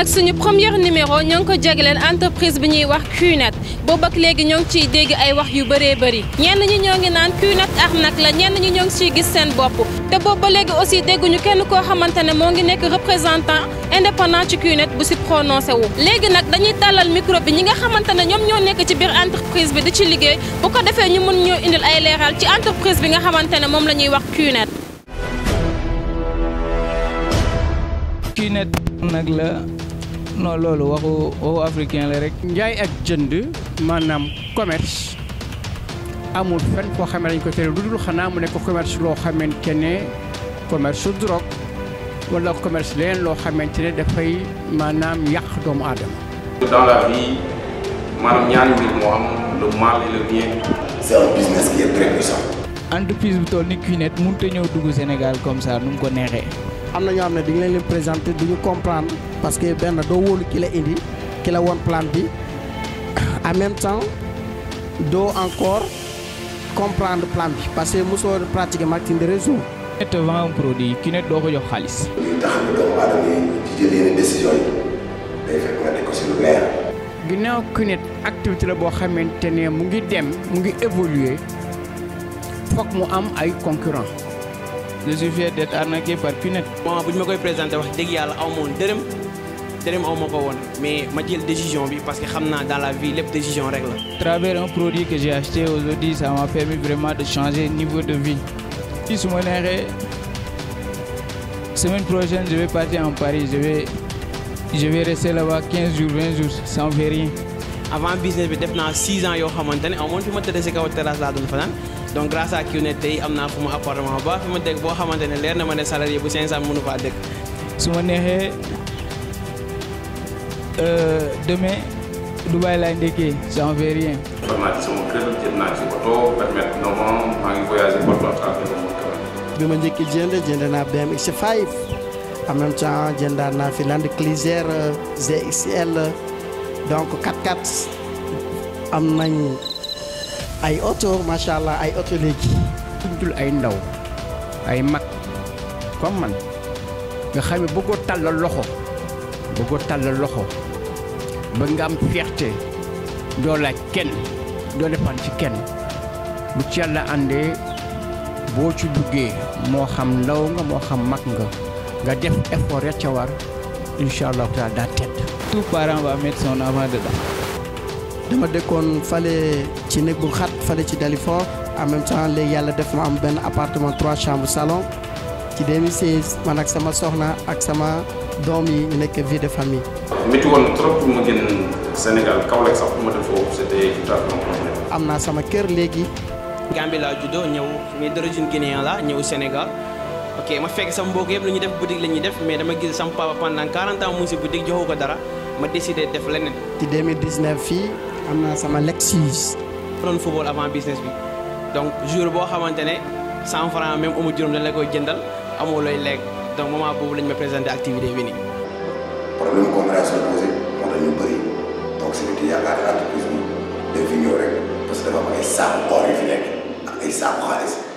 nag suñu premier numéro ñoo ngi ko jagleen entreprise bi ñuy wax Qnet boobu ak léegi ñoo ngi ciy dégg ay wax yu bëree bari ñenn ñi ñoo ngi naan Qnet arnaque la ñenn ñi ñoo ngi ciy gis seen bopp te boobu ba léegi aussi dégguñu kenn koo xamante ne moo ngi nekk représentant indépendant ci Qnet bu si prononcé wu léegi nag dañuy tàllal micro bi ñi nga xamante ne ñoom ñoo nekk ci biir entreprise bi di ci liggéey bu ko defee ñu mën ñoo indil ay leeral ci entreprise bi nga xamante ne moom la ñuy wax Qnet Qnet nag non loolu waxu waxu africain la rek. njaay ak jënd maanaam commerce amul fen koo xamee dañ ko tere lu dul xanaa mu nekk commerce loo xamante ne commerce su drogue wala commerce leneen loo xamante ne dafay maanaam yàq doomu aadama. maanaam ñaari mbir moo am le mal et le bien. c'est un business qui est très puissant. entreprise bu toll ni Qnet mënut a ñëw dugg Sénégal comme nu mu ko neexee. am na ñoo xam ne dañ leen leen présenter du ñu comprendre parce que benn doo wóolu ki indi ki woon plan bi en même temps doo encore comprendre plan bi parce que mosoo pratiquer marketing de réseau. ki nekk produit ki nekk doo ko xaalis. li tax doomu aadama yi di jël yenn yi day fekk nga nekk ko si lu leer. ginnaaw Kounet activité la boo xamante ne mu ngi dem mu ngi évoluer foog mu am ay concurrents. je suis a d'être arnaqué par Pinette. moment bu ñu ma koy présenté wax dëgg yàlla aw ma woon dërëm dërëm ko woon mais ma jël décision bi parce que xam naa dans la vie lépp décision rek la. travers un produit que j'ai acheté aujourd'hui ça m'a permis vraiment de changer niveau de vie. fii su ma neexee semaine prochaine je vais partir en Paris je vais je vais rester là-bas jours jours sans faire avant business bi def na 6 ans yoo xamante ne amoon fi ma tëddee si kaw donc grâce à QNet tey am naa fu mu appartement ba fi ma dëkk boo xamante ne leer na ma ne salarié bu 500 mënu faa dëkk. su ma neexee euh, demain Dubaï laay ndekkee j'en vais naa ci sama kër jël naa ci oto na naa fi Land Cruiser ZXL euh, euh, donc 4x4 am nañ. ay oto macha allah ay oto léegi tuddul ay ndaw ay mag comme man nga xam ne bëggoo tàllal loxo bëggoo tàllal loxo ba nga am fierté doo laaj kenn doo dépend ci kenn bu ci yàlla àndee boo ci duggee moo xam ndaw nga moo xam mag nga nga def effort ya ca war incha allahu daa tedd tout parent va mettre son avant dedans dama dëkkoon fale ci néeg bu xat fale ci Dalifort en même temps léegi yàlla def ma am benn appartement trois chambres salon ci 2016 man ak sama soxna ak sama doom yi ñu nekk de famille. métti naa sama kër léegi. Gambie laa juddoo ñëw mais d'origine guinéen laa ñëw Sénégal. ok ma fekk sama mbokk yëpp lu ñuy def boutique la ñuy def mais dama gis sama papa pendant 40 ans mu ngi si boutique joxu ko dara ma décidé def leneen. ci 2019 fii am naa sama Lexus. doon football avant business bi donc jour boo xamante ne cent franc même amu juróom dañ la koy jëndal amoo looy lekk donc moment boobu lañ ma présenté activité bi nii. problème coopération posé moo tax fi ñëw rek parce dafa am ay saako or yu fi nekk ak ay saako xaalis.